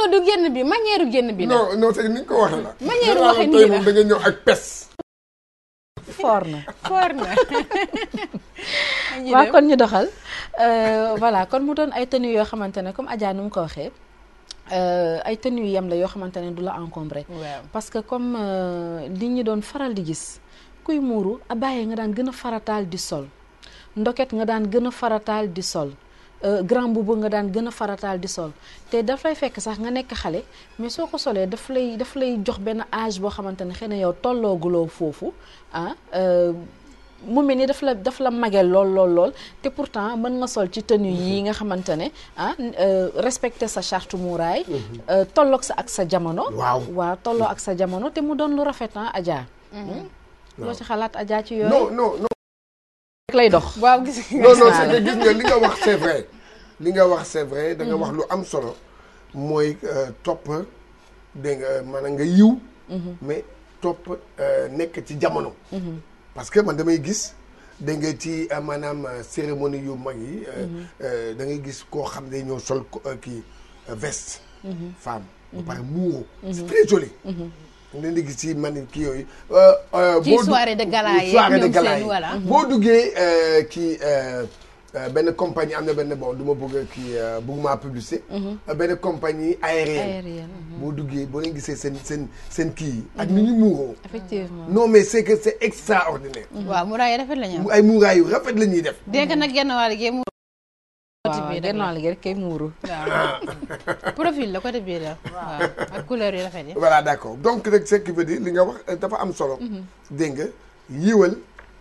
non du génn bi manière génn bi la. non non c'est foor na foor na. waaw kon ñu doxal. Euh, voilà kon mu doon ay tenues yoo xamante ne comme Adja nu mu ko waxee. Euh, ay tenues yem la yoo xamante ne du la encombré. parce que comme euh, li ñu doon faral di gis. kuy muuru abaya nga daan gën a farataal di sol. ndoket nga daan gën a farataal di sol. Euh, grand boobu nga daan gën a farataal di sol te daf lay fekk sax nga nekk xale mais soo ko solee daf lay daf lay jox benn âge boo xamante ne xëy na yow tollooguloo foofu ah euh, mu mel ni daf la daf la magel lool lool lool te pourtant mën nga sol ci tenue yi nga xamante ne ah euh, respecter sa charte muuraay mhm. tolloog sa ak sa jamono waaw waaw tolloo ak sa jamono te mu doon lu rafet ah Adja mhm. hmm? loo ci xalaat Adja ci yooyu lay dox. waaw gis nga non non c'est li nga wax c'est li nga wax c'est danga wax lu am solo mooy euh, topp dégg nga maanaam nga yiw. Mhm. mais topp euh, nekk ci jamono. Mhm. parce que man damay gis da nga ci euh, maanaam cérémonie yu mag yi. Mhm. da ngay gis koo xam ne ñëw sol kii veste. femme. pare muuro. c'est très joli. leen di gis ci man kii yooyu. Euh, euh, boo de gala yi soirée de gala yi boo mm-hmm. duggee kii euh, benn compagnie am na benn bon du ma bëgg kii bëgguma publicité. Mm-hmm. benn compagnie aérienne. Mm-hmm. boo duggee boo leen gisee seen seen seen kii yi. ak ni ñu muuroo. effectivement non mais c' est que c' est extraordinaire. waaw muuraay rafet la ñuy def. dégg nag genn wàll gi waaw genn wàll gi profil la côté bii la. waaw ak couleur yu rafet yi. voilà d'accord donc rek ce qui veut li nga wax euh, dafa am solo. Mhm. dégg nga yiiwal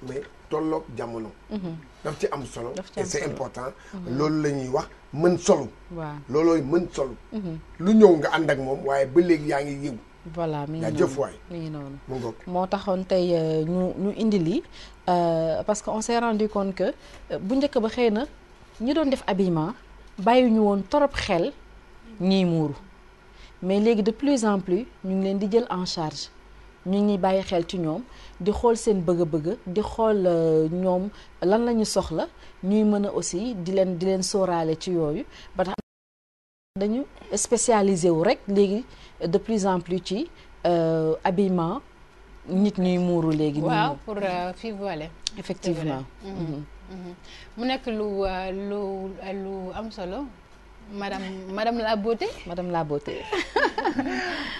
mais tolloog jamono. Mhm. daf ci am solo. daf important. Mhm. loolu la ñuy wax mën solo. waaw mën solo. lu ñëw nga ànd ak moom waaye ba léegi yaa ngi yiw. voilà mi ngi noonu mi ngi noonu. moo taxoon tey euh, ñu indi lii euh, parce que on s'est rendu compte que bu njëkk ba xëy na. ñi doon def habillement bàyyi woon torop xel ñiy muuru mais léegi de plus en plus ñu ngi leen di jël en charge ñu ngi bàyyi xel ci ñoom di xool seen bëgg-bëgg di xool euh, ñoom lan la ñu soxla ñuy mën a aussi di leen di leen sóoraale ci yooyu ba tax dañu spécialisé wu rek léegi de plus en plus ci euh, habillement nit ñuy muuru léegi. waaw pour euh, fi voiler effectivement. mu nekk lu euh, lu lu am solo madame madame la beauté. madame la beauté.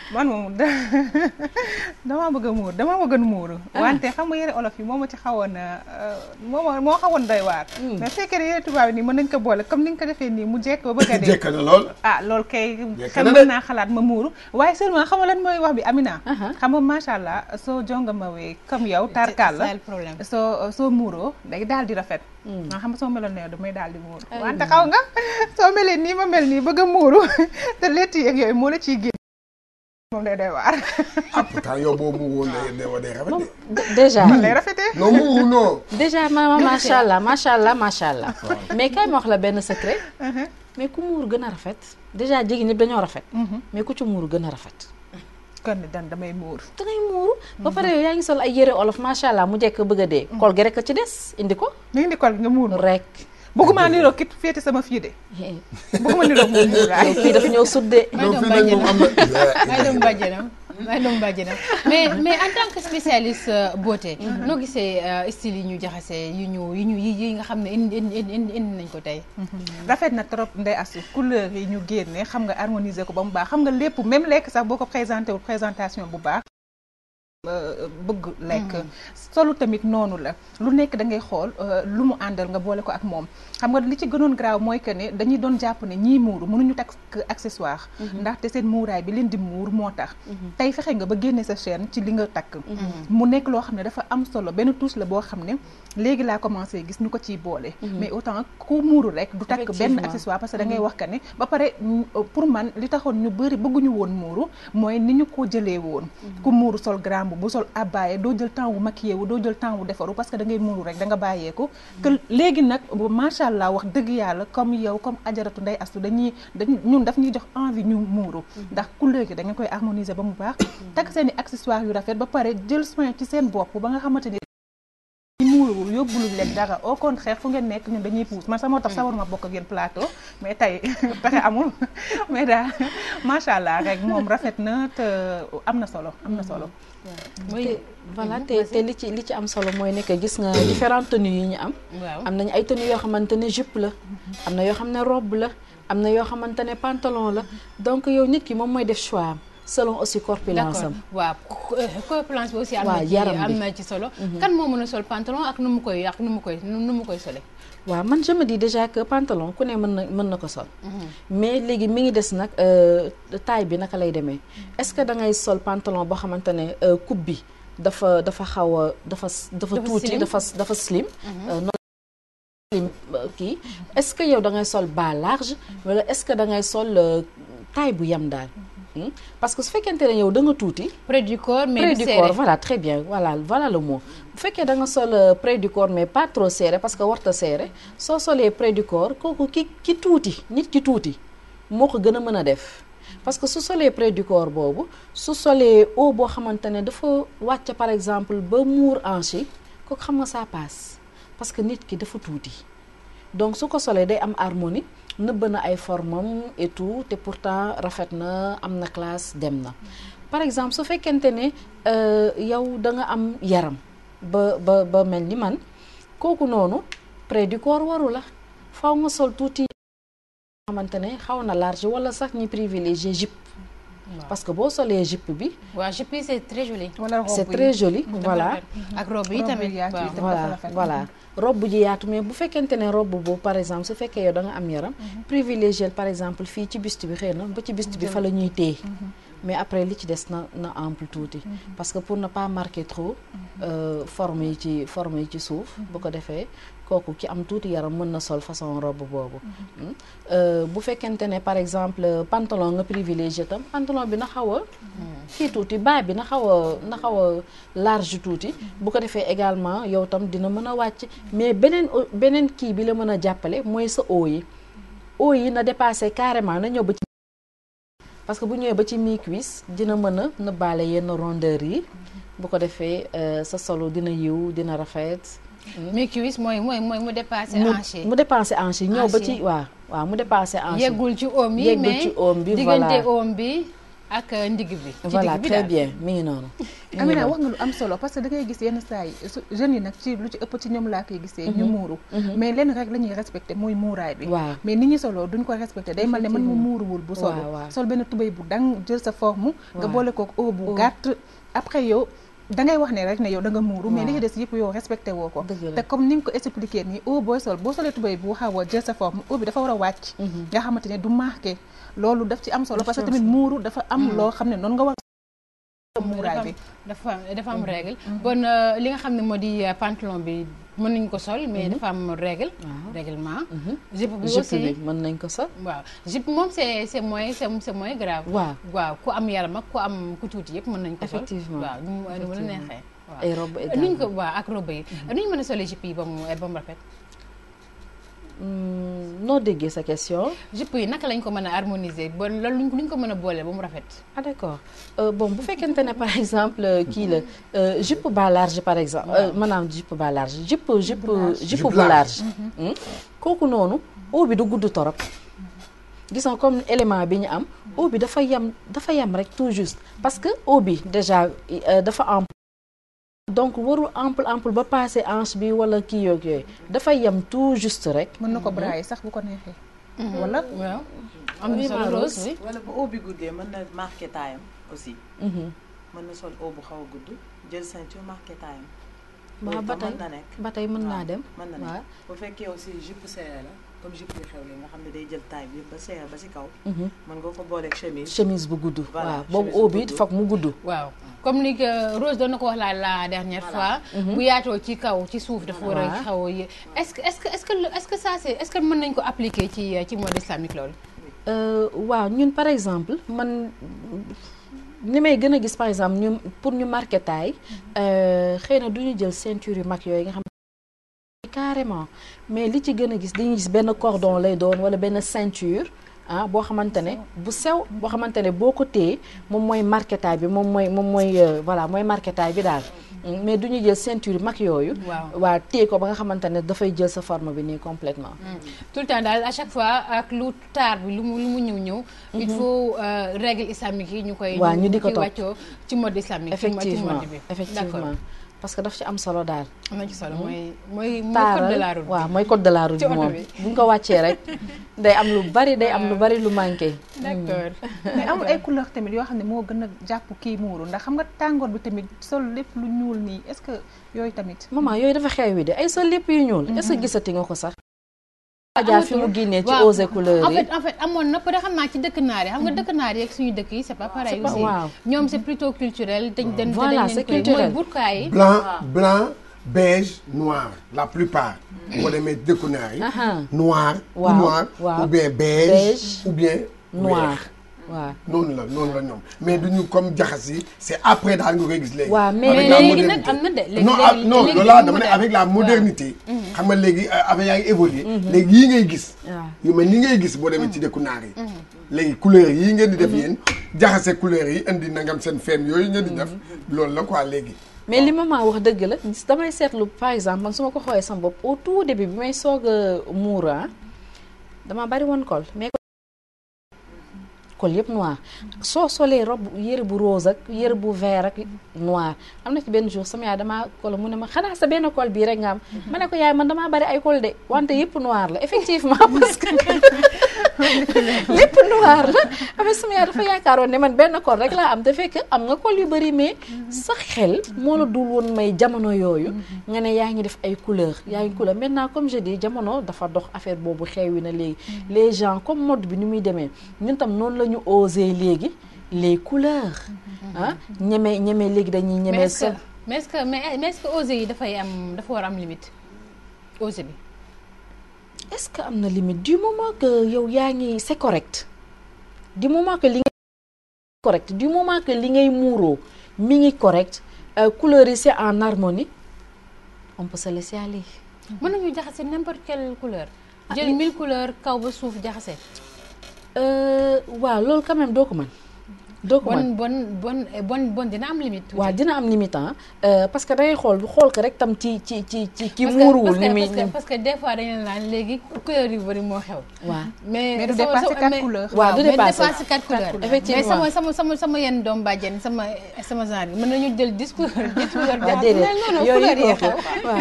man moom damaa bëgg a muur damaa bëgg a muuru. Ah. wante xam nga yére olof yi moom ma ci xawoon euh, moo ma moo xawoon doy waar. Hmm. mais fekkee ne yére tubaab yi nii mën nañ ko boole comme ni nga ko defee nii mu jekk ba bëgg a dee. jekk lool. ah lool kay. xam mën naa xalaat ma muuru. waaye seulement xam nga lan mooy wax bi Amina. Uh-huh. xam nga macha allah soo jonga ma comme yow. tarkaal la c'est le problème soo soo muuroo day daal di rafet. Mm. nga xam soo meloon ne damay daal di muuru wante xaw nga soo melee nii ma mel nii bëgg a muuru te létt yeeg yooyu moo la ciy génn moom day doy waar ah pourtant yow boo mu woon déjà lay rafete non muuru non ma macha allah macha allah macha allah ah, mais kay ma wax la benn secret uh-huh. mais ku muur gën a rafet déjà jigéen ñëpp dañoo rafet mm-hmm. mais ku ci muuru gën a rafet kër ni dan damay muur dangay muuru ba pare yow yaa ngi sol ay yére olof macha allah mu jekk bëgg a dee mm. kol gi rek a ci des indi ko ni indi kol gi nga muur rek bëgguma niroog kit féete sama fii de bëgguma niroog moom muur fii dafa ñëw sudde may dem bàjjenam waaye doomu bàjji nag mais mais en tant que spécialiste euh, beauté. Mm-hmm. noo gisee euh, style yi ñu jaxase yi ñu yu ñu yi nga xam ne indi indi indi nañ ko tey. Mm-hmm. rafet na trop Ndeye Astou couleur yi ñu génne xam nga harmoniser ko ba mu baax xam nga lépp même lekk sax boo ko présenté wul présentation bu baax. Euh, bëgg lekk mm. solu tamit noonu la lu nekk da ngay xool euh, lu mu àndal nga boole ko ak moom xam nga li ci gënoon graaw mooy que ne dañuy doon jàpp ne ñii muuru mënuñu takk accessoire mm-hmm. ndaxte seen muuraay bi leen di muur moo tax mm-hmm. tey fexe nga ba génne sa chaîne ci li nga takk mm-hmm. mu nekk loo xam ne dafa am solo benn tous la boo xam ne léegi laa commencé gis ñu ko ciy boole mais autant ku muuru rek du takk benn accessoire parce que da wax que ne ba pare mm, pour man li taxoon ñu bëri bëgguñu woon muuru mooy ni ñu ko jëlee woon làmb bu sol abbaye doo jël temps wu maquillé wu doo jël temps wu defaru parce que da ngay muuru rek da nga bàyyeeku que léegi nag macha allah wax dëgg yàlla comme yow comme ajaratu nday astu dañuy dañ ñun daf ñuy jox envie ñu muuru ndax couleur yi da nga koy harmoniser ba mu baax takk seen i accessoires yu rafet ba pare jël soin ci seen bopp ba nga xamante ni muurul yóbbuluñ leen dara kon contraire fu ngeen nekk ñun dañuy puus man sax moo tax sawaruma bokk ak yéen plateau mais tey pexe amul mais daal macha allah rek moom rafet na te am na solo am na solo te voilà mhm, te te li ci li ci am solo mooy nekk gis nga mhm. différentes tenues yi ñu am. am nañu ay tenues yoo xamante ne jupe la. Mhm. am na yoo xam ne robe la am na yoo xamante ne pantalon la donc yow nit ki moom mooy def choix am. selon aussi corpulence am. waaw euh, corpulence bi aussi. waaw am na ci solo. Mhm. kan moo mën a sol pantalon ak nu mu koy ak nu mu koy nu mu koy sole waaw man je me dis déjà que pantalon ku ne mën na mën na ko sol. Mhm. mais léegi mi ngi des nag euh, taille bi naka lay demee. Mhm. est-ce que da ngay sol pantalon boo xamante ne euh, coupe bi dafa dafa xaw a dafa. dafa tuuti dafa dafa slim. kii est-ce que yow da ngay sol bas large wala est-ce que da ngay sol taille bu yem daal. Hmm? parce que su fekkente ne yow da tuuti. près du corps mais près du corps voilà très bien voilà voilà le mot. bu fekkee danga sol euh, près mais pas trop serré parce que warta serré soo solee près kooku ki ki tuuti nit ki tuuti moo ko gën a mën a def. parce que su solee près boobu su solee haut boo xamante ne dafa wàcc par exemple ba muur hanche kooku xam nga ça passe parce que nit ki dafa tuuti donc su ko solee day am harmonie. nëbb na ay formam et tout te pourtant rafet na am na classe dem na par exemple su fekkente ne euh, yow da nga am yaram ba ba ba mel ni man kooku noonu près du corps waru la faaw nga sol tuuti xamante ne xaw na large wala sax ñi privilégié jupe parce que boo solee jupe bi. waaw jupe yi c'est très joli. c'est très voilà. ak robe yi tamit voilà voilà. robe ji mais bu fekkente ne robe boobu par exemple su fekkee yow da nga am yaram. Mhm. privilégié par exemple fii ci bist bi xëy na ba ci bist bi fa la ñuy téye. Mhm. mais après li ci des na na ample tuuti. Mhm. parce que pour na pas marquer trop. Euh, forme yi ci forme yi ci suuf. bu ko defee kooku ki am tuuti yaram mën na sol façon robe boobu mhm. hmm? euh, bu fekkente ne par exemple pantalon nga privilégié tam pantalon bi na xaw a mhm. tuuti baay bi na xaw a na xaw large tuuti mhm. bu ko defee également yow tam dina mën a wàcc mais beneen beneen kii bi la mën a jàppale mooy sa oo yi oo yi na dépassé carrément na ñëw ba parce que bu ñëwee ba ci mi dina mën a nëbbaale yenn rondeur yi bu ko defee euh, sa solo dina yiw dina rafet mais cuisse mooy mooy mooy mu dépassé hanche mu dépassé hanche ñëw ba ci waaw waaw mu dépassé hanche yeggul ci oom yi yeggul ci oom bi voilà diggante bi ak ndig bi voilà très mi ngi noonu Amina wax nga lu am solo parce que da ngay gis yenn saa yi yi nag ci lu ci ëpp ci ñoom laa koy gisee ñu mhm. muuru mhm. mais lenn rek la ñuy respecté mooy muuraay bi waa mais nit ñi solo duñ ko respecté day mel ne man mu wul bu solo sol benn tubéy bu dang jël sa forme nga boole kook eau bu gàtt après yow da wax ne rek ne yow da nga muuru mais li ci des yëpp yow respecté woo ko te comme ni ko expliqué nii au booy sol boo solee tubéy bu xaw a jël sa forme o bi dafa war a wàcc mhm. nga xamante ne du marqué loolu daf ci am solo parce que tamit muuru dafa am mhm. loo xam ne noon nga war muuraay bi dafa am dafa mhm. bon euh, li nga xam ne moo di euh, pantalon bi mën nañ ko sol mais mhm. dafa am règle ah. règlement mhm. jupe bi aussi jupe mën nañ ko sol waaw jupe moom c'est c'est moins c'est moins grave waaw waaw ku am yaram ko ku am ku tuuti yëpp mën nañ ko sol effectivement waaw nu ko waaw ak robe yi mhm. nuñ mën a solee jupe yi ba ba mu rafet Hmm, noo déggee sa question. jupe yi naka lañ ko mën a harmoniser ba loolu luñ ko mën a boole ba mu rafet. ah d'accord euh, bu fekkente ne par exemple euh, kii la euh, jupe bas large par exemple euh, maanaam jupe bas large jupe jupe jupe mm-hmm. hmm? kooku noonu haut bi du gudd torop. gis nga comme élément bi ñu am haut bi dafa yam dafa yam rek tout juste parce que haut bi déjà dafa am. donc warul ample ample ba passé ange bi wala kii yoog yooyu dafay yem tout juste rek. mën na ko mhm. brailler sax bu ko neexee. Mhm. wala waaw. am na wala bu eau bi guddee mën na marqué taayam aussi. Mhm. mën na sol bu xaw a gudd jël ceinture marqué taayam. waaw ba tey ba tey mën naa dem mën na nekk bu fekkee aussi jupe serrée la comme jupe yu xew li nga xam ne day jël taille bi ba serrée ba si kaw. mën nga ko booleeg chemise. chemise bu gudd. waaw boobu eau bi foog mu gudd. waaw. comme ni Rose doon na ko wax la la dernière fois. Mhm. bu yaatoo ci kaw ci suuf dafa war a xaw a est-ce que est-ce que est-ce que ça c'est est-ce que mën nañ ko appliquer ci ci mode islamique loolu. Euh, waaw ñun par exemple man ni may gën a gis par exemple ñu pour ñu marqué taille mhm. euh, xëy na du ñu jël ceinture yu mag yooyu nga xam. carrément mais li ci gën a gis dañuy gis benn cordon lay doon wala benn ceinture. ah boo xamante ne bu sew boo xamante ne boo ko téye moom mooy marketaay bi moom mooy moom mooy euh, voilà mooy marketaay bi daal mm, mais du ñu jël ceinture mag yooyu. waaw waa téye ko ba nga xamante ne dafay jël sa forme bi nii complètement mm. tout le temps daal à chaque fois ak lu taar bi lu mu mu ñëw ñëw. il mm-hmm. faut euh, règle islamique yi ñu koy. waaw ñu di ko topp ci wàccoo ci mode islamique. effectivement ci mode bi parce que daf ci am solo daal. am na ci solo hmm? mooy mooy. code de la route waaw mooy code de la route moom buñ ko wàccee rek. day am lu bari day am lu bari lu manqué. Hmm. d'accord mais amul ay couleur tamit yoo xam ne moo gën a jàpp kii muuru ndax xam nga tàngoor bi tamit sol lépp lu ñuul nii est-ce que yooyu tamit. maman yooyu dafa xew wi de ay sol lépp yu ñuul. Mm-hmm. est que gisati nga ko sax. Adja fi mu génnee ci eaux et couleurs amoon na peut xam naa ci dëkk naar yi xam nga dëkk naar yi ak suñu dëkk yi c'est pas pareil aussi ñoom c'est plutôt culturel dañ dañ voilà c'est culturel mooy burka yi blanc blanc beige noir la plupart. Mm. boo demee dëkku naar yi noir noir ou bien beige ou bien noir waaw noonu la noonu la ñoom mais duñu comme jaxas yi c' est après daal nga koy gis léegi. waaw mais léegi nag am na de. non ah, non loolu laa dama ne avec la modernité. Mhm. xam nga léegi euh, affaire yaa ngi évolué. Mhm. léegi yii ngay gis. yu ma ni ngay gis boo demee ci mhm. dëkku naar yi. léegi couleur yii ngeen di def yéen jaxase couleur yi indi nangam seen feem yooyu ngeen di def loolu la quoi léegi. mais li ma maa wax dëgg la damay seetlu par exemple man su ma ko xoolee sama bopp au tout début bi may soog a muur ah, dama bari col yëpp noir soo solee robe yëre bu rose ak yëre bu vert ak noir am na ci benn jour sama yaay damaa col mu ne ma xanaa sa benn col bii rek nga am ma ne ko yaay man damaa bari ay col de wante yëpp noir la effectivement parce que lépp noir la amee sama yaay dafa yaakaaroon ne man benn col rek laa am te fekk am nga col yu bëri mais mhm. sa xel moo la dul woon may jamono yooyu mhm. nga ne yaa ngi def ay couleur yaa ngi couleur maintenant comme je dis jamono dafa dox affaire boobu xeewi na léegi mhm. les gens comme mode bi ni muy demee ñun tam noonu la ñu osé léegi les couleurs ah, ñeme ñeme léegi dañuy ñeme sa mais est-ce que mais est-ce que osé yi dafay am dafa war am limite osé bi est-ce que am na limite du moment que yow yaa ngi c'est correct du moment que li ngay li ngay muuroo mi ngi correct euh, couleur yi c'est en harmonie on peut se laisser aller. mën nañu jaxase n'importe quelle couleur. Ah, jël mille couleurs kaw ba suuf jaxase. Euh, waaw loolu quand doo ko mën. doo bon bon eh, bon bon dina am limite. waaw dina am limite ah. euh, parce que dangay xool xool ko rek tam ci ci ci ci kii muuruwul. ni parce que des fois dañu naan léegi couleur yu moo xew. waaw mais du dépassé quatre couleurs. waaw du dépassé quatre couleurs effectivement mais sama sama sama sama yenn doom bàjjen sama sama genre mën nañu jël dix couleurs dix couleurs. waaw ah, déedéet yooyu yi xew waaw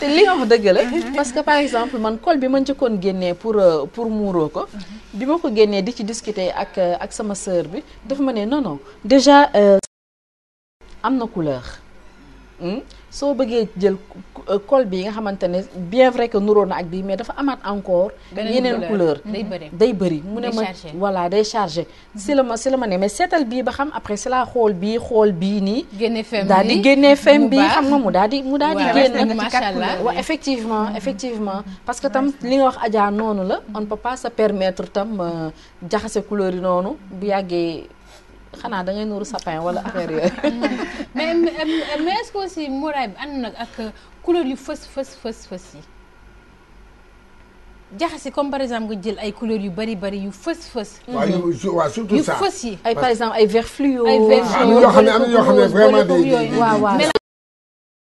te li nga wax dëgg la. parce que par exemple man col bi ma njëkkoon génnee pour euh, pour muuroo ko. Mhm. bi ma ko génnee di ci discuter ak euh, ak sama sœur. bi dafa ma ne non non déjà euh, am na couleur hmm? soo bëggee jël Euh, col bi nga xamante ne bien vrai que nuroo na ak bii mais dafa amaat encore yeneen couleur mhm. day bëri mu ne ma voilà day chargé si la ma si la ma ne mais seetal bi ba xam après si laa xool bi xool bii nii daal di génne fem bi xam nga mu daal di mu daal di génn waaw effectivement mm-hmm. effectivement parce que tam li nga wax Adja noonu la on ne peut sa se tam tam euh, jaxase couleur yi noonu bu yàggee xanaa da ngay nuuru sapin wala affaire yooyu mm. couleur yu fës fës fës fës yi jaxase comme par exemple nga jël ay couleurs yu bari bari yu fës fës. waaw mhm. ay par exemple ay vert fluo. ay vert fluo yoo xam ne am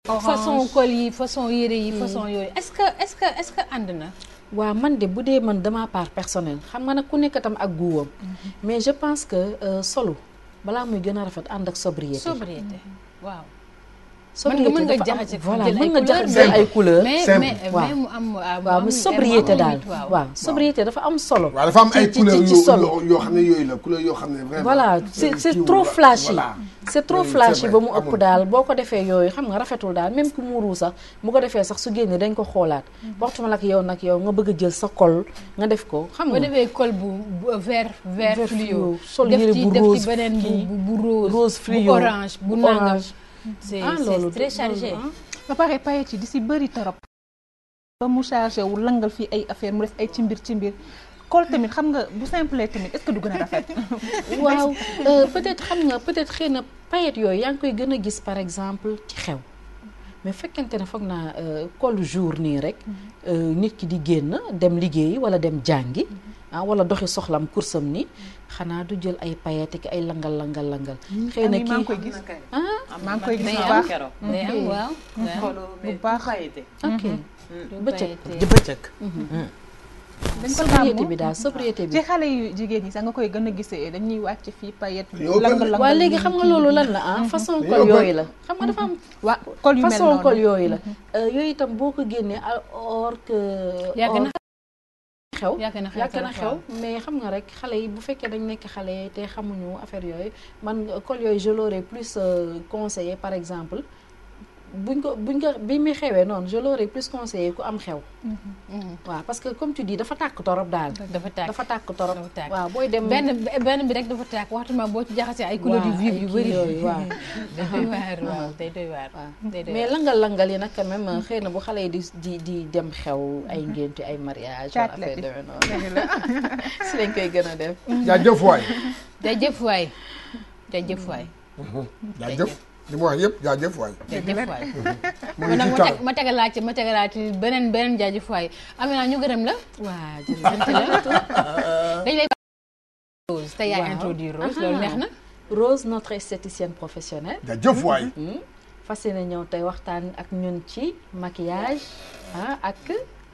na façon yi façon yére yi façon mm. yooyu est-ce que est-ce que est-ce que ànd na. waa man de bu dee man dama part personnel xam nga nag ku nekk tam ak guuwam. Mm-hmm. mais je pense que euh, solo balaa muy gën a rafet ànd ak sobriété. sobriété mm-hmm. waaw. sobriété mën nga jaxase voilà mën nga jaxase ay couleur mais mais mu am waaw mu sobriété daal waaw sobriété dafa am solo waaw ci am ay couleur yoo xam ne yooyu la yoo xam ne voilà c'est c'est trop flashy c'est trop flashy ba mu ëpp daal boo ko defee yooyu xam nga rafetul daal même ku muuru sax mu ko defee sax su génnee dañ ko xoolaat waxtuma mm-hmm. nag yow nag yow nga bëgg jël sa kol nga def ko xam nga boo defee col bu vert ver fluo sol yëre bu rose beneen bu rose fluo bu orange bu nangam c'est ah, c'est très chargé ba pare paye ci di si bëri torop ba mu chargé wu langal fii ay affaire mu def ay ci mbir ci cimbir kool tamit xam nga bu simple tamit est du gën a rafet waaw euh, peut-être xam nga peut-être xëy na paillettes yooyu yaa ngi koy gën a gis par exemple ci xew mais fekkente ne foog naa euh, koolu jour nii rek mm-hmm. euh, nit ki di génn dem liggéeyi walla dem jàngi mm-hmm. ah wala soxla soxlam kursam ni xanaa du jël ay payet ak ay langal langal langal. Hmm, xëy na kii maa ngi koy ah? gis bu baax day am hmm. hmm. waaw bu baax ok bëccëg bëccëg mhm. dañ ko sobriété bi daal sobriété bi ci xale yu jigéen ñi sax nga koy gën a gisee dañuy wàcc fii payet lang lang waaw léegi xam nga loolu lan la ah façon col yooyu la xam nga dafa am waaw col yooyu la euh, yooyu itam boo ko génnee alors que xew yàgg na xew mais xam nga rek xale yi bu fekkee dañ nekk xale te xamuñu affaire yooyu man école yooyu je l'aurais plus euh, conseillé par exemple buñ ko buñ ko bi muy xewee noonu je l'aurais plus conseillé ku am xew. Mm-hmm. waaw parce que comme tu dis dafa tàkk torop daal. dafa tàkk dafa tàkk torop. waaw booy dem benn benn bi rek dafa tàkk waxtuma boo ci jaxasee ay couleur yu vive yu bëri waaw day doy waar waaw day doy waar mais langal-langal yi nag quand même xëy na bu xale yi di di di dem xew ay mm-hmm. ngénte ay mariage wala affaire demee noonu si lañ koy gën a def jaajëf waay jaajëf waay jaajëf waay mm-hmm. jaajëf li mu wax yëpp jaajëf waay. jaajëf waay ci taal ma ci beneen beneen jaajëf waay Amina ñu gërëm la. waa jërëjëf dañ lay. Rose te na. Rose notre esthéticienne professionnelle. jaajëf mm-hmm. fas yéene ñëw tey waxtaan ak ñun ci maquillage ah, ak.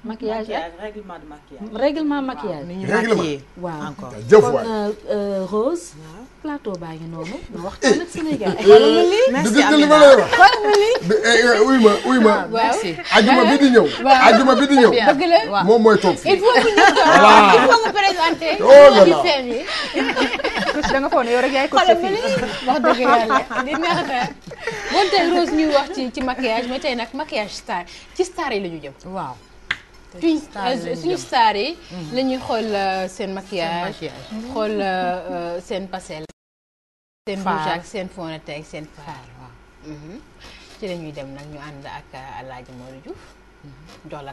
maquillage ak règlement de maquillage. règlement maquillage. ni ñuy maquillé waaw encore jëf waay kon euh, euh, Rose. plateau baa ngi noonu. ma waxtaan ak Sénégal. Euh, merci am na uy ma uy ma. Eh, eh, merci ajuma bi di ñëw. ajuma bi di ñëw. dëgg la moom mooy toog fii. il faut que ñu il faut que présenté. oh là là da nga foog ne yow rek yaay ko ci fii wax dëgg yàlla di neex na bon tey Rose ñuy wax ci ci maquillage mais tey nag maquillage star ci star yi la ñu jëm waaw. Euh, suñu suñu star xool euh, seen maquillage xool euh, seen pastel. seen rouge ak seen fond seen fard mhm. ci la ñuy dem nag ñu ànd ak El Hadj Modou Diouf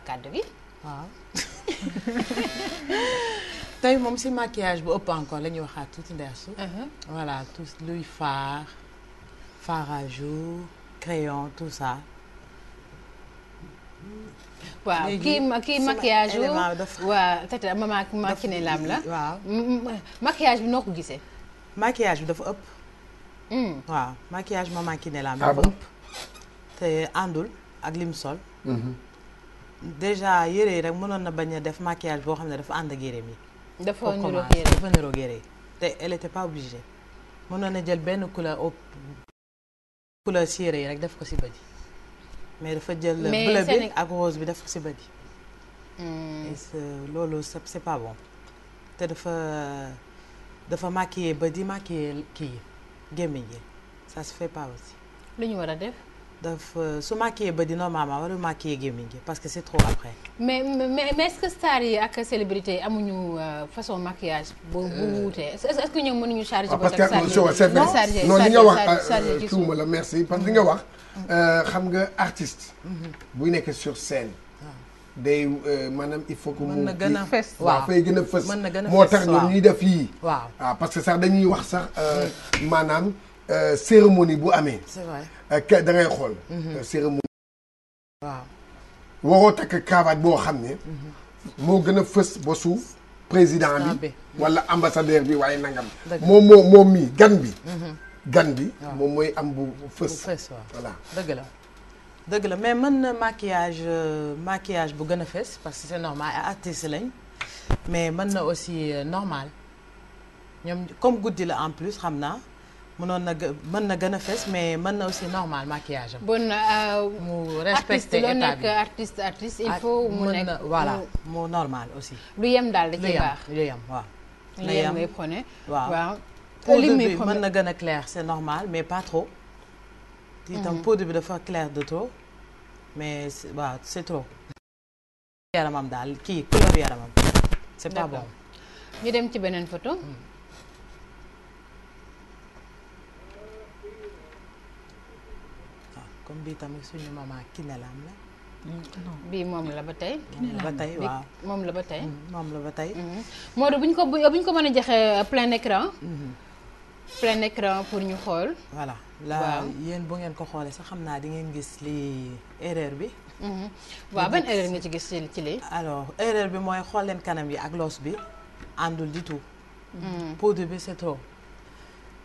kàddu gi. waaw moom ci maquillage bu ëpp encore la ñuy waxaat tuuti ndersu. Mhm. voilà tout luy fard fard à jour crayon tout waaw kii kii maquillage waaw tata ah, mama makine laam la waaw maquillage bi noo ko gisee maquillage bi dafa ëpp hmm. waaw maquillage mama makine laam ah, dafa ëpp te àndul ak lim sol mhm. déjà yére yi rek mënoon na bañ a def maquillage boo xam ne dafa ànd ak yére mi dafa niroog yére dafa te elle était pas obligée mënoon na jël benn couleur couleur si yére yi rek def ko si bët mais dafa jël bleu bi ak rose bi def si bët yi hmm. loolu c'est pas bon te dafa dafa maquiller bët yi maquiller kii gémmiñ yi ça se fait pas aussi lu ñu war a def daf su maquillé ba dina maama wala maquillé gémmiñ gi parce que c'est trop après. mais mais mais est-ce que star yi ak célébrité amuñu euh, façon maquillage. bu bu euh, wuute est-ce que ñoom mënuñu chargé. Ah, ba parce que non li nga wax euh, tuuma la merci parce que li nga mm-hmm. wax. xam nga artiste. Mm-hmm. buy nekk sur scène. Ah. day maanaam il faut que mu. na gën a fës waaw fay gën a fës. moo ah, que sax dañuy wax sax mm-hmm. Euh, cérémonie bu amee. se vrai euh, ke xool. Mhm. Euh, cérémonie. waaw. waroo takk cravate boo xam ne. Mhm. moo gën a fës ba président bi wala ambassadeur bi waaye nangam. moom moo moom gan bi. Mhm. gan bi moom mooy am bu fës. voilà dëgg la. dëgg la mais mën na maquillage maquillage bu gën a fës parce que c'est normal ay artistes lañ mais mën na aussi normal ñoom comme guddi la en plus xam naa. mënoon nag mën na gën a fees mais mën na aussi normal maquillage am. bon euh, mu respecté état bi artiste artiste artiste il ah, faut. mu nekk voilà mu normal aussi. lu yem daal da ciy baax lu yem waaw. lu yem ngay prôné waaw. poudre bi mën na gën a claire c' normal mais pas trop. itam mhm. poudre bi dafa clair de trop mais waaw c' trop. yaramam daal kii couleur yaramam c' pas bon. ñu dem ci beneen photo. Mhm. comme bii tamit suñu maman Kiné Lam la. bii moom la ba tey. moom la ba tey waaw moom la ba tey. Mm, moom la ba tey. Mm-hmm. moo bu ñu ko buñ ko mën a joxe euh, plein écran. Mm-hmm. plein écran pour ñu xool. voilà la yéen bu ngeen ko xoolee sa xam naa di ngeen gis lii erreur bi. Mm-hmm. waaw ba nga ci gis ci lii. alors erreur bi mooy xool leen kanam yi ak loos bi àndul du tout. poudre bi c'est trop.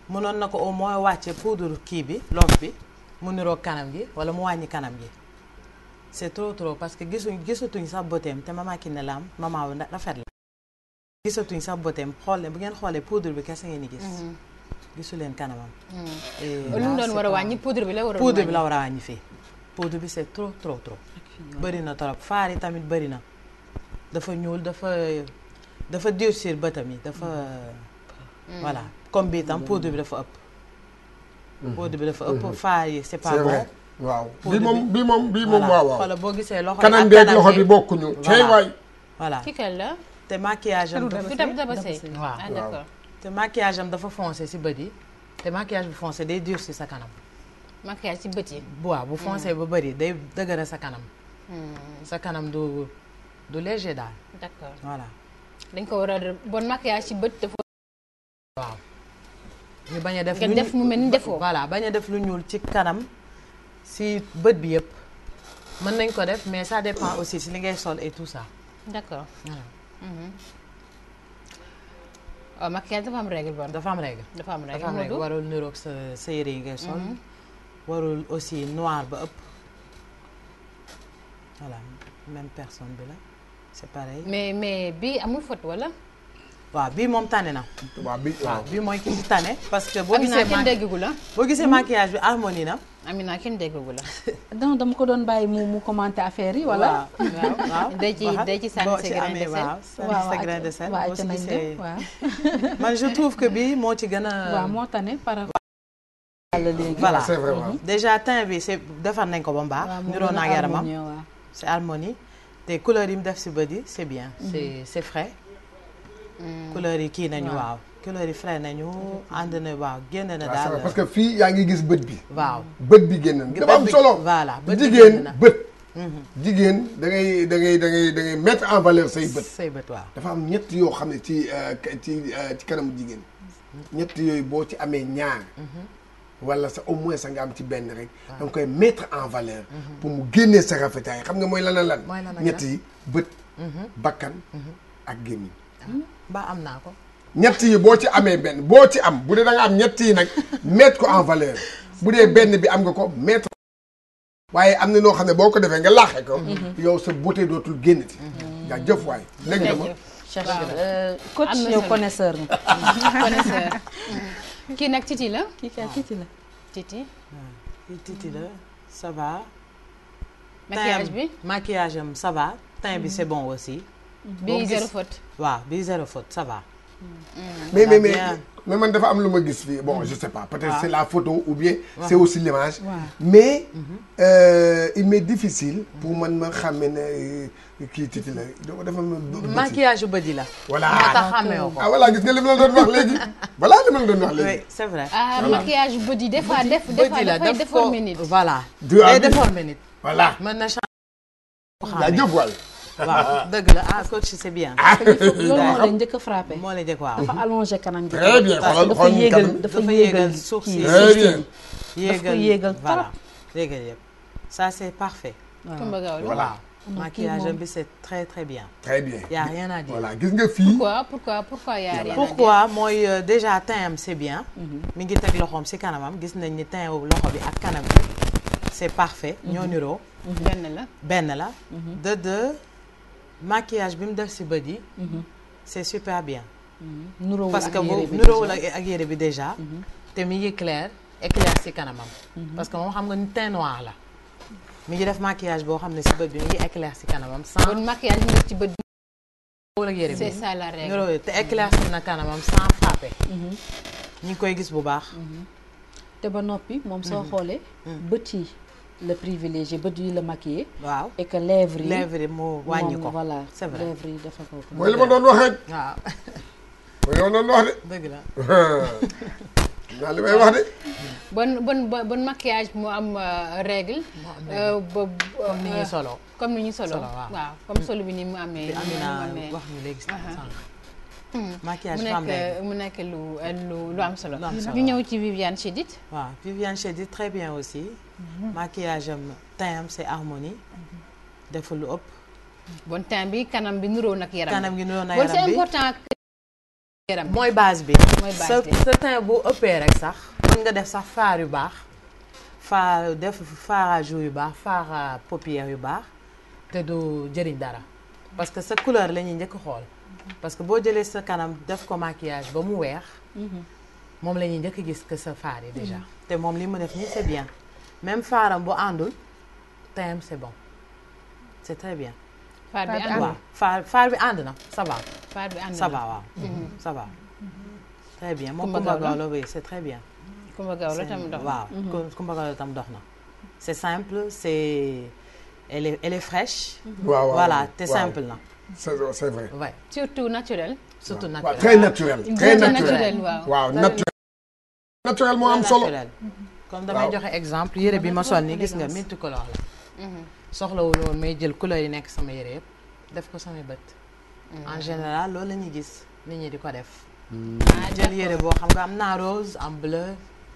na ko au moins wàcce poudre kii bi loos bi. mu niroog kanam gi wala mu wàññi kanam gi c'est trop trop parce que gisuñ gisatuñ sax boteem te ma Mama Kiné Lam maman wu rafet la gisatuñ sax boteem xool bu ngeen xoolee poudre bi kese ngeen di gis mm-hmm. gisu leen kanamam mm-hmm. lu mu doon war a wàññi poudre bi la war a poudre bi la war a wàññi fii poudre bi c'est trop trop trop bëri na trop faar yi tamit bëri na dafa ñuul dafa dafa durcir bëtam yi dafa mm. voilà comme bii tam mm. poudre bi dafa ëpp boo mhm. bi dafa ëpp mhm. faar yi c'est pas bon. waaw bi moom bi moom bi moom waaw waaw boo gisee loxo bi kanam bi ak loxo bi bokkuñu tey waay voilà kikal la te maquillage am dafa sëy waaw ah, d'accord te maquillage dafa foncé si bët yi te maquillage bu foncé day dur si sa kanam maquillage si bët yi waaw bu foncé hmm. bu bëri day dëgëra sa kanam hmm. sa kanam du du léger daal d'accord voilà dañ ko war a bon maquillage si bët dafa ñu bañ def nga def mu mel ni defoo voilà a def lu ñuul ci kanam si bët bi yëpp mën nañ ko def mais ça dépend aussi si li ngay sol et tout ça. d'accord voilà. waaw mhm. oh, maquillage dafa am règle bon. dafa am règle dafa am règle Modou warul niroog sa sa yére yi ngay sol. Mhm. warul aussi noir ba ëpp. voilà même personne bi la c'est pareil. mais mais bii amul faute wala. waaw bi moom tane na. waaw bii mooy ki tane. parce que boo gisee Amina la. boo gisee maquillage bi harmonie na. Amina kenn déggu la. donc dama ko doon bàyyi mu mu commenter affaire yi. wala day ci day ci sa grain de sel sa grain de sel. waaw nañ de waaw. man je trouve que bii moo ci gën a. moo tane par rapport. voilà c'est vrai waaw. déjà teint bi c'est defar nañ ko ba mbaax. waaw niroo naa te couleur yi mu def si bët yi c'est bien. Mhm. c'est Mm. couleur yi kii nañu waaw couleur yi frais nañu ànd na waaw génn na daal parce que fii yaa ngi gis bët bi waaw bët bi génn na dafa am solo voilà jigéen bët mhm. jigéen da ngay da ngay da da ngay en valeur say bët say bët dafa am ñett yoo xam ne ci euh, ci euh, ci kanamu jigéen ñett yooyu boo ci amee ñaar mhm. walla sa au moins sa nga am ci benn rek da nga koy mettre en valeur mhm. pour mu génnee sa rafetaay xam nga mooy lan lan ñett yi bët bakkan ak gémmiñ ba am naa ko. ñett yi boo ci amee benn boo ci am bu dee da am ñett yi nag mettre ko en valeur bu de benn bi am nga ko mettre. waaye am na noo xam ne boo ko defee nga laaxee ko. Mhm. yow sa beauté dootul génnati. yaa mhm. jëf waay léegi dama. waaw euh, coach yow connaisseur nga. connaisseur. kii nag titi la. kii kay ah. titi la. titi. titi la ça va. bi maquillage am ça va. teint bi mhm. c'est bon aussi. bii zéro faute waaw bii zéro faute ça va. Mm. mais mais mais mais man dafa am lu ma gis fii bon je sais pas peut c'est la photo ou bien c'est aussi l'image mais mm-hmm. euh, il m'est difficile pour man ma xàmme ne euh, kii titi la dafa maquillage bët yi la voilà moo tax ah, xàmmeewoo ko ah voilà gis nga li ma la doon wax léegi voilà li ma na waaw dëgg la ah coach c'est bien. Ah. parce que loolu moo leen njëkk a frappé. moo leen njëkk waaw dafa allongé kanam gi. très bien xoolal dafa yéegal dafa yéegal suuf si très bien. yéegal yéegal voilà yéegal yëpp ça c'est parfait. voilà. maquillage bi c'est très très bien. très bien y a rien à dire voilà gis nga fii. pourquoi pourquoi pourquoi y a rien à dire pourquoi mooy euh, déjà teint am c'est bien. Mhm. mi ngi teg loxoom ci kanamam gis nañ ni teint loxo bi ak kanam bi c'est parfait. ñoo mhm. niroo. Mhm. benn la benn la. de de. maquillage bi mu def si bët yi. Mhm. c'est super bien. Mhm. nuróowul ak yére bi ak yére bi déjà. Mhm. te mi ngi clair éclair si kanamam. parce que moom xam nga ni teint noir la. mi ngi def maquillage boo xam ne si bët bi mi ngi éclair si kanamam. sans bon maquillage mi ngi ci bët bi. nuróowul ak te éclair si na kanamam sans frappé. ñu ngi koy gis bu baax. te ba noppi moom soo xoolee. bët yi. la privilégié bët yi la maquillé. waaw et que lèvres moo wàññi ko voilà c'est vrai lèvres yi dafa ko. mooy li ma doon wax rek. la. waaw may wax de. bon bon bon maquillage mu euh, am règle. Euh, comme ni ñuy solo. Euh, comme ni ñuy solo waaw comme solo bi ni mu amee. mu amee wax ñu léegi uh-huh. sànq. Mm. maquillage femme règle mu nekk lu lu lu am solo. ñu ñëw ci Viviane Chidid. waaw Viviane Chidid très bien aussi. Mm-hmm. maquillage am teint am c'est harmonie. Mm-hmm. deful lu ëpp. bon teint bi kanam bi niroo nag yaram kanam gi niroo na yaram bi c'est important. yaram mooy base bi. mooy base sa teint bu ëppee rek sax. mën nga def sax faar yu baax. faar def faar à yu baax faar à yu baax. te du jëriñ dara. parce que sa couleur la ñuy njëkk xool parce que boo jëlee sa kanam def ko maquillage ba mu weex moom la ñuy njëkk gis que sa faar yi déjà mm-hmm. te moom li mu def nii c'est bien même faaram bu àndul teint c'est très bien faar bi ànd bi ànd na ça faar bi ànd na ça waaw mm-hmm. ça mm-hmm. très bien moom Coumba Gawlo oui c'est très bien Coumba Gawlo tam dox na waaw Coumba tam dox na c'est simple c'est elle est elle est fraîche. waaw mhm. te simple na. c'est c'est surtout naturel. surtout naturel très naturel. très naturel waaw naturel. naturel mhm. comme damay joxe exemple yére bi ma sol nii gis nga multicolore la. Mhm. soxlawul woon may jël couleur yi nekk sama yére yëpp def ko samay bët. en général loolu la gis nit ñi di ko def. Hmm. jël yére boo xam nga am naa rose am bleu.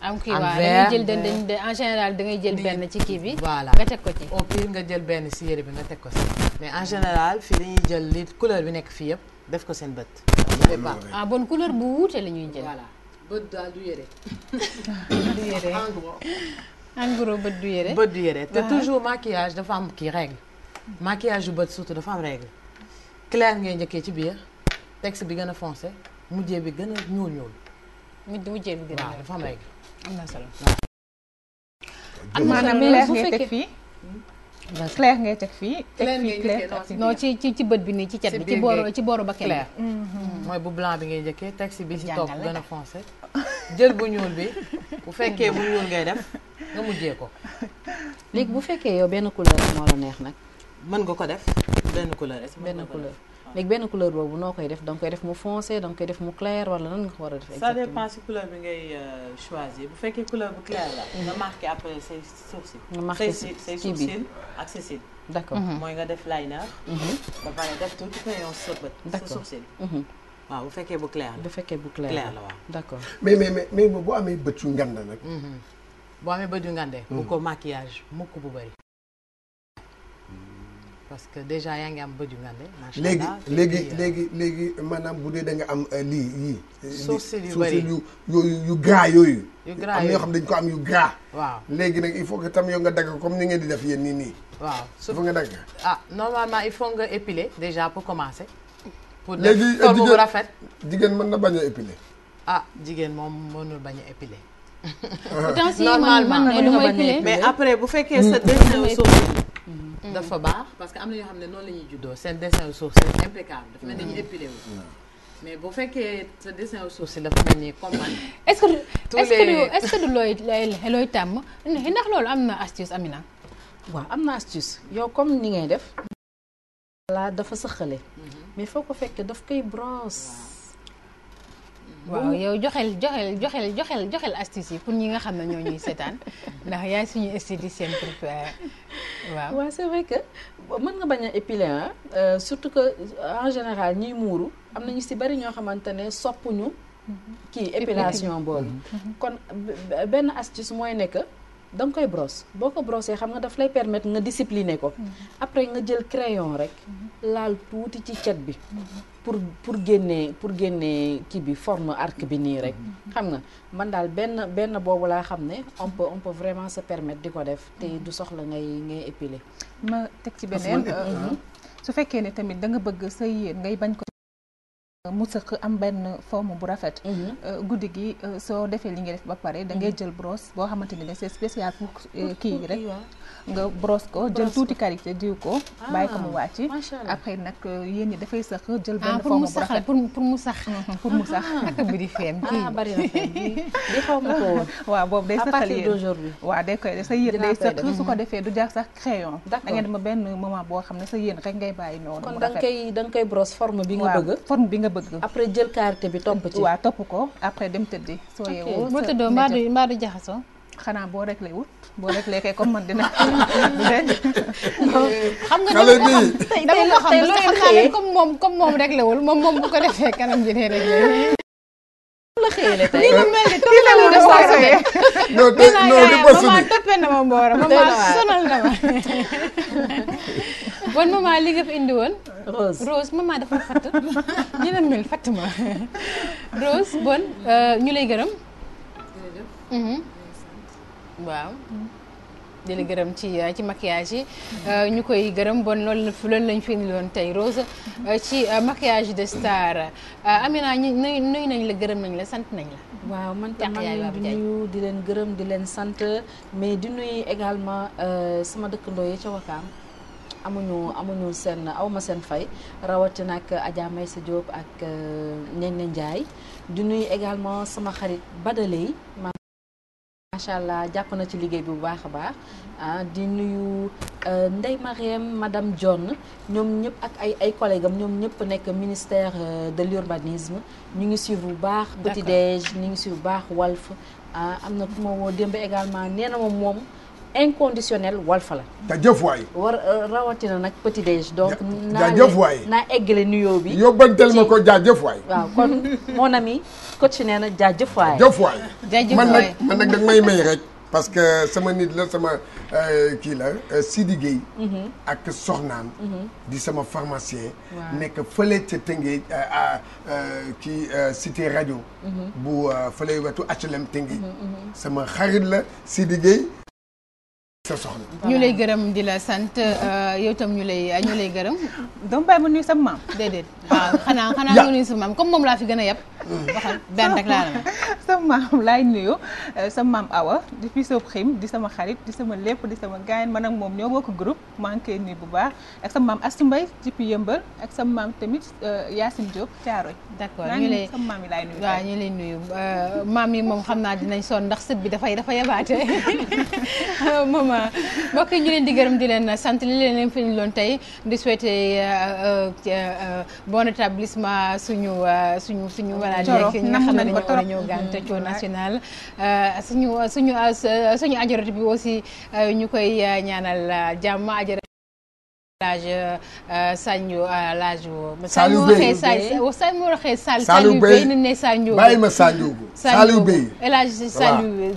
am kii waaw dangay jël dënd en général dangay jël benn ci kii bi. voilà nga teg ko ci. au pire nga jël benn si yére bi nga teg ko si. mais en général fii dañuy jël li couleur bi nekk fii yëpp def ko seen bët. ah bon couleur bu wuute la ñuy jël. voilà bët du yére. du yére en gros. en gros te toujours maquillage dafa am kii règle. maquillage yu bët surtout dafa am règle. clair ngay njëkkee ci biir texte bi gën a foncé mujjee bi gën a ñuul ñuul. mujjee bi gën a ñuul waaw dafa am règle. am na solo am ngay teg fii clair ngay teg fii. clair ngay njëkkee non ci ci bët bi nii ci cat bi ci booru ba clair. Mm-hmm. mooy bu blanc bi ngay njëkkee teg si bi si topp gën a foncé. jël bu ñuul bi bu fekkee bu ñuul ngay def nga mujjee ko. léegi bu fekkee yow benn couleur moo la neex nag. mën nga ko def benn couleur. benn couleur léegi benn couleur boobu noo koy def da koy def mu foncé da koy def mu clair wala nan nga ko war a def exactement ça couleur bi ngay euh, choisir bu fekkee couleur bu clair la mm-hmm. nga marqué après say sourcil nga marqué say sourcil ak sa cils mooy nga def liner mm-hmm. ba pare def tuuti crayon sa mm-hmm. waaw bu fekkee bu clair la bu fekkee bu clair la waaw d'accord mais mais mais mais boo amee bët yu boo amee bët yu ngande bu mm. ko maquillage mukk bu bëri parce que déjà yaa ngi am bëju ngande. macha allah léegi léegi euh, léegi léegi maanaam bu dee da nga am euh, lii yii. Euh, sourcil yu bëri yu yooyu yu gras yooyu. yu gras yooyu am yoo xam dañ ko am yu gras. waaw léegi nag il faut que tam yow nga dagg comme ni ngeen di def yéen nii nii. waaw su nga dagg. ah normalement il faut nga épiler déjà pour commencer. pour def tool bu rafet léegi jigéen mën na bañ a épiler. ah jigéen moom mënul bañ a épiler. normalement mën na mën na mais après bu fekkee hmm. sa dënnu suuf. Mm-hmm. dafa baax parce que am na yoo xam ne noonu la ñuy juddoo seen dessin suuf c'est impeccable dafa mel ni dañuy épilé wu mm-hmm. mais bu fekkee sa dessin suuf si dafa mel ni comme man est tàmm ndax loolu am na astuce Amina waaw am na astuce yow comme ni ngay def laa dafa sëqale mm-hmm. foo ko fekk daf koy brosse waaw yow joxel joxel joxel joxel joxel astuce yi pour ñi nga xam ne ñoo ñuy seetaan ndax yaay suñu esthéticienne préférée waaw waaw c'est que mën nga bañ a épiler euh, surtout que euh, en général ñiy muuru am nañu si bari ñoo xamante ne soppuñu kii épilation boobu mhm. Mhm. kon benn astuce mooy nekk da koy brosse boo ko brossee xam nga daf lay permettre nga discipliner ko mhm. après nga jël crayon rek laal tuuti ci cet bi pour pour génnee pour génnee kii bi forme arc bi nii rek mhm. xam nga man daal benn benn boobu laa xam ne on peut on peut vraiment sa permettre di ko def te du soxla ngay ngay épiler ma teg ci beneen euh, mhm. su fekkee ne tamit da nga bëgg sa yéen ngay bañ ko mu sëq am benn forme bu rafet mhm. euh, guddi gi euh, soo defee li nga def ba pare da ngay jël brosse boo xamante ni c'est spécial kii bi rek nga brosse ko jël tuuti karité diw ko. Ah, bàyyi ko mu wàcc. après nag euh, yéen ñi dafay sax jël ah, benn forme bu mu sax pour mu sax. Ah. ak bi xaw ma ko woon. waaw boobu day saxal yéen à partir d'aujourd'hui waaw day koy sa yéen sax su ko mhm. defee du jaar sax crayon. da ngeen ma benn boo xam ne sa yéen rek ngay bàyyi noonu. kon da nga koy da nga forme bi nga bëgg. bi nga bëgg. après jël karité bi topp ci. waaw topp ko après dem tëddi. soo yeewoo mbaa du jaxasoo xanaa boo réglé wut boo réglé kay xam nga dama ko xam dama ko xam xam naa ne comme moom comme moom réglé wul moom moom ko mel ni toppee la de saa ma mbooram sonal na ma bon maman li nga fi indi woon Rose Rose maman dafa fatt nii la mel fatt ma Rose bon euh, ñu lay gërëm waaw dina gërëm ci euh, ci maquillage yi euh, ñu koy gërëm bon loolu loolu lañ fi indiloon tey Rose euh, ci maquillage de star Amina ñu nuyu nañ la gërëm nañ la sant nañ la waaw man tam maa ngi leen di nuyu di leen gërëm di leen sant mais di nuyu également sama dëkkandoo yi ca Wakaam amuñu amuñu seen awma seen fay rawatina ak Adja Maysa Diop ak Ñeñ Ndiaye du nuyu également sama xarit Badalay macha allah jàpp na ci liggéey bi bu baax a baax. ah di nuyu euh, Ndeye Marème madame Dione ñoom ñëpp ak ay ay collègues ñoom ñëpp nekk ministère euh, de l'urbanisme ñu ngi suivre bu baax. Petit Déj ñu ngi suivre bu baax Walf ah am na ku ma woo démb également nee na ma moom. inconditionnel Walfa la. jaajëf waay. war euh, rawatina nag petit déj. donc naa naa eggale nuyoo bi. yóbbanteel ma ko jaajëf waay. waaw kon mon ami coach nee na jaajëf waay. jaajëf waay man nag man nag may may rek. parce que sama nit la sama euh, kii la euh, Sidi Gueye mhm. ak soxnaam mhm. di sama pharmacien nekk fële ca Tëngéej kii cité rajo mhm. bu fële wetu HLM Tëngéej sama xarit la Sidi Gueye ñu lay gërëm di la sant euh, yow tam ñu lay lay gërëm. dama bàyyi ma nuyu sam maam déedéet. waaw xanaa xanaa nga nuyu sama maam comme moom laa fi gën a yab. waxal benn rek laa la sama maam laay nuyu euh, sama maam Awa di fi soob di sama xarit di sama lépp di sama gaayen man ak moom ñoo bokk groupe maa nuyu bu baax ak sama maam Astou Mbaye ci pi yëmbal ak sam maam tamit euh, Yacine Diop Thiaroy. d'accord ñu lay sama maam yi laay nuyu. waaw ñu lay nuyu maam yi moom xam naa dinañ sonn ndax sët bi dafay dafa effectivement mbokk yi ñu leen di gërëm di leen sant li leen leen fi ñu loon tey di souhaiter euh, euh, euh, bon établissement suñu suñu suñu malade yi nga xam ne dañoo war a ñëw gànte mm-hmm. coo national suñu suñu suñu ajorot bi aussi ñu koy ñaanal jàmm ajorot laaj Sanju laaju Saliou Bey Saliou waxee Saliou Bey ni ne Sanju bàyyi ma Sanju Bey El Hadj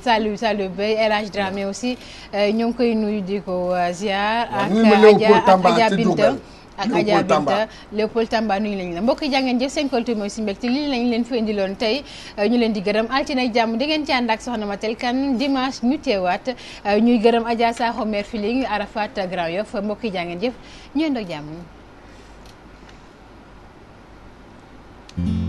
Saliou Bey El Hadj Dramé aussi euh, ño ngi koy nuyu di ko euh, ziar ak Binta ak Adja Binta Léopold Tamba nuyu lañ la mbokki jàngeen jëf seen koltu mooy si mbégte lii lañ leen fi indiloon tey ñu leen di gërëm altine ak jàmm di ngeen ci ànd ak soxna Matel Kan dimanche ñu teewaat ñuy gërëm Adja Sakho maire Filing Arafat Grand Yoff mbokki jàngeen jëf ñu yendoog jàmm